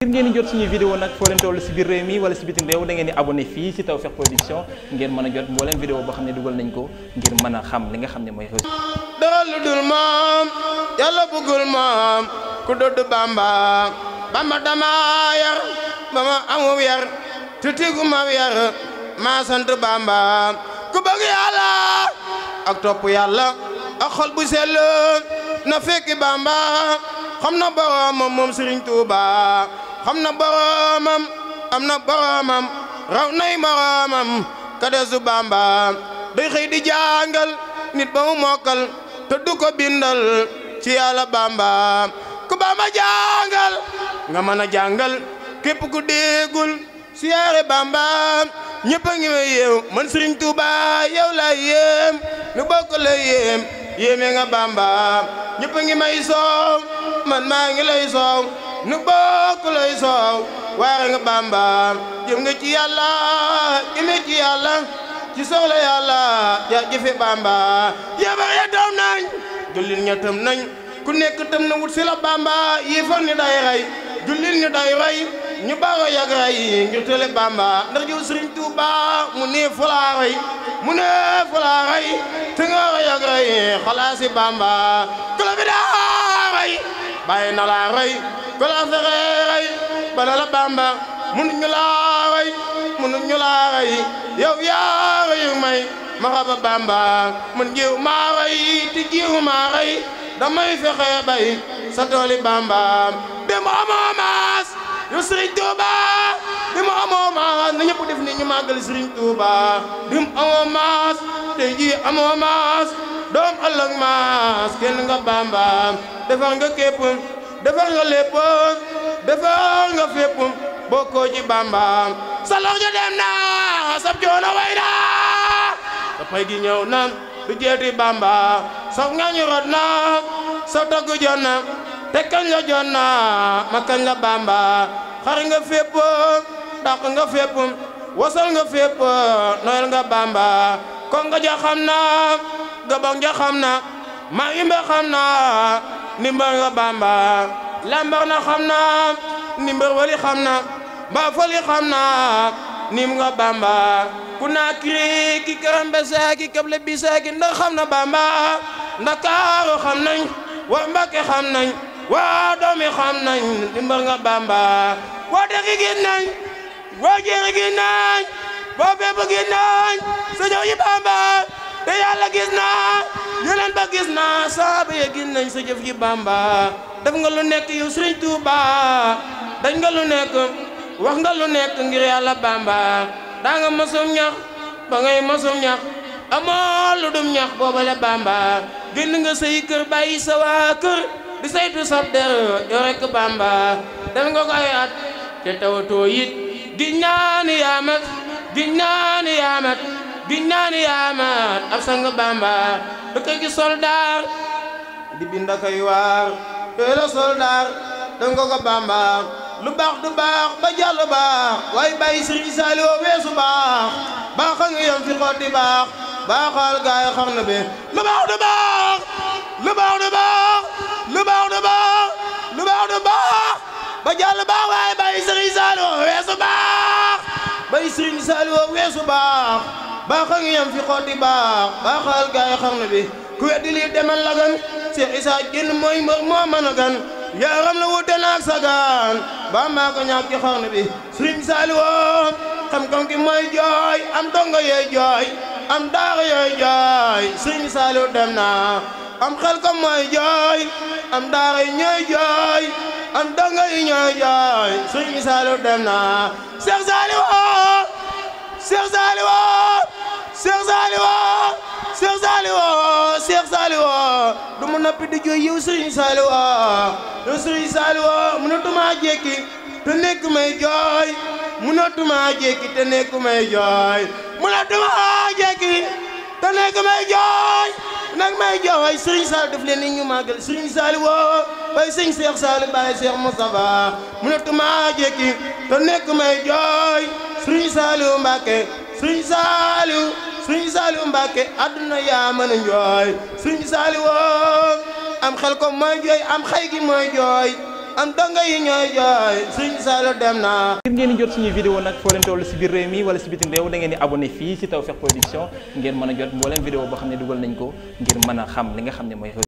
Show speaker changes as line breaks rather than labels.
ngir ngeen di jot suñuy vidéo nag foo leen toll si biir réew mi wala si bitim réew da ngeen di abonné fii si Tawfekh Production ngeen mën jot mbooleem vidéo boo xam ne dugal nañ ko ngir mën xam li nga xam ne mooy xew dara dul moom yàlla bëggul moom ku dëdd Bamba Bamba dama yar ba ma amu yar tutigu ma yar maa sant Bamba ku bëgg yàlla ak topp yàlla ak xol bu sell na fekki Bamba xam na boroomam moom Serigne Touba xam na boroomam am na boroomam raw nay moroomam kadesu Bamba day xëy di jàngal nit ba mu mokkal te du ko bindal ci yàlla Bamba ku Bamba jàngal nga mën a jàngal képp ku déggul siyaare Bamba ñëpp a ngi may yéew man Serigne Touba yow laa yéem lu bokk la yéeme nga bamba ñëpp a ngi may soow man maa ngi lay soow nu bokk lay soow waare nga bamba jëm nga ci yàlla jëme ci yàlla ci soxla yàlla ja jëfe bamba yabar ya daw nañ jullit ña tam nañ ku nekk tam na wut si la bamba yéefar ni day rey jullit ñu day rey ñu baax a yàgg ray tële Bamba ndax jiw Serigne mu ne fulaa ray mu ne fulaa ray te nga a xalaasi Bamba ku la fi daa ray bàyyi na laa ray ku la fexe ray ba na la Bamba mënuñu laa ray mënuñu laa ray yow may ma xaba Bamba man jiw maa ray te jiw maa ray damay fexe bay sa tooli Bamba bi yow Serigne Touba bi mu amoo maas na ñëpp def ni ñu màggal Serigne Touba bi mu amoo maas tey jii doom ëllëg maas kenn nga bàmbaam defar nga képp defar nga lépp defar nga fépp bokkoo ci sa loxo dem na sab coono way na sa pay gi ñëw na du jeeti bàmba saf nga rot na sa togg jot na te ma kañ la bàmba xar nga fépp dàq nga fépp wasal nga bamba kon ja xam na gabang ja xam na maa imba xam na ndimbal bamba lambar xam na ndimbal xam na mbaa fali xam na nim bamba ku naa kiri ki karambe saaki kable bi saaki ndax xam na bamba ndakaaru xam nañ wa mbake xam nañ waa doomi xam nañ dimbal nga bamba waa dëkk gi nañ waa jeex gi nañ waa bépp gi nañ sëñëw yi bamba te yàlla gis naa yeneen ba gis naa saaba ya gis nañ sa jëf ji bamba def nga lu nekk yow sëriñ Tuuba dañ nga lu nekk wax nga lu nekk ngir yàlla bamba daa nga mosum ñax ba ngay mosum ñax amoo lu dum ñax boobale bamba génn nga say kër bàyyi sa waa kër di saytu sab der yoo rekk bamba def nga ko ay at te tawatoo yit giñ naa ni yaa mat giñ naa ni yaa ab sang bamba dëkk gi soldaar di bind ak ay soldaar def nga bamba lu baax du baax ba jàll baax waaye bàyyi Sëriñ Saliou weesu baax baax a ngi yem fi xotti baax baaxal gaay xam na be lu baax du baax lu baax du baax lu baax du baax lu baax du baax ba jàll baax waaye bay Serigne Saliou weesu baax bay Serigne Saliou weesu baax baax ak yam fi xotti baax baaxal gaay xarnu bi ku weddi lii demal la gan Cheikh Issa mooy mbër moo mën a gan yaaram la wute naag sagaan ba maa ko ñàkk bi Serigne Saliou xam-xam ki mooy jooy am donga yee jooy am daax yooy jooy sëriñ Saliou dem na am xel ko jooy am daax yi ñooy jooy am donga yi ñooy jooy sëriñ Saliou dem na Cheikh Saliou woo Cheikh Saliou woo Cheikh Saliou woo Cheikh Saliou woo Cheikh Saliou woo du ma noppi di jooy yiw sëriñ Saliou woo yow sëriñ Saliou woo mënatuma jékki jooy ne duma jékki te nekku may jooy mu ne duma jékki te nekku may jooy nag may jooy Serigne Sall daf leen ni ñu màggal Serigne Sall woo bay Serigne Cheikh Sall bay Cheikh Moustapha mu ne duma jékki te nekku may jooy Serigne Saliou Mbacké Serigne Saliou Serigne Saliou Mbacké àdduna yaa mën a jooy Serigne Saliou woo am xel ko mooy jooy am xay mooy jooy am danga yi ñooy jooy suñ salu dem na ngir ngeen di jot suñuy vidéo nag foo leen toll si biir réew mi wala si bitim réew da ngeen di abonné fii si Tawfekh Production ngeen mën a jot mbooleem vidéo boo xam ne dugal nañ ko ngir mën xam li nga xam ne mooy